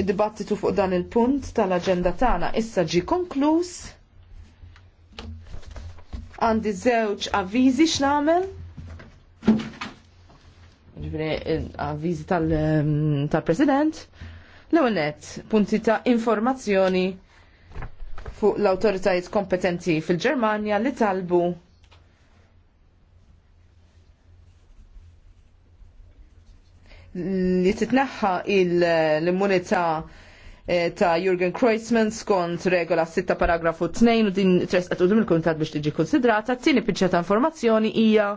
Id-dibattitu fuq dan il-punt tal-aġenda tagħna issa ġi konkluż. Għandi żewġ avviżi x'namel. Ġifieri eh, avviżi ehm, tal-President. Tal L-ewwel nett, punti ta' informazzjoni fuq l-awtoritajiet kompetenti fil-Ġermanja li talbu li titneħħa l-immunità eh, ta' Jurgen Kreuzmann skont regola 6 paragrafu 2 u din tresqet u dim il-kuntat biex tiġi konsidrata, t-tini pinċa ta' informazzjoni hija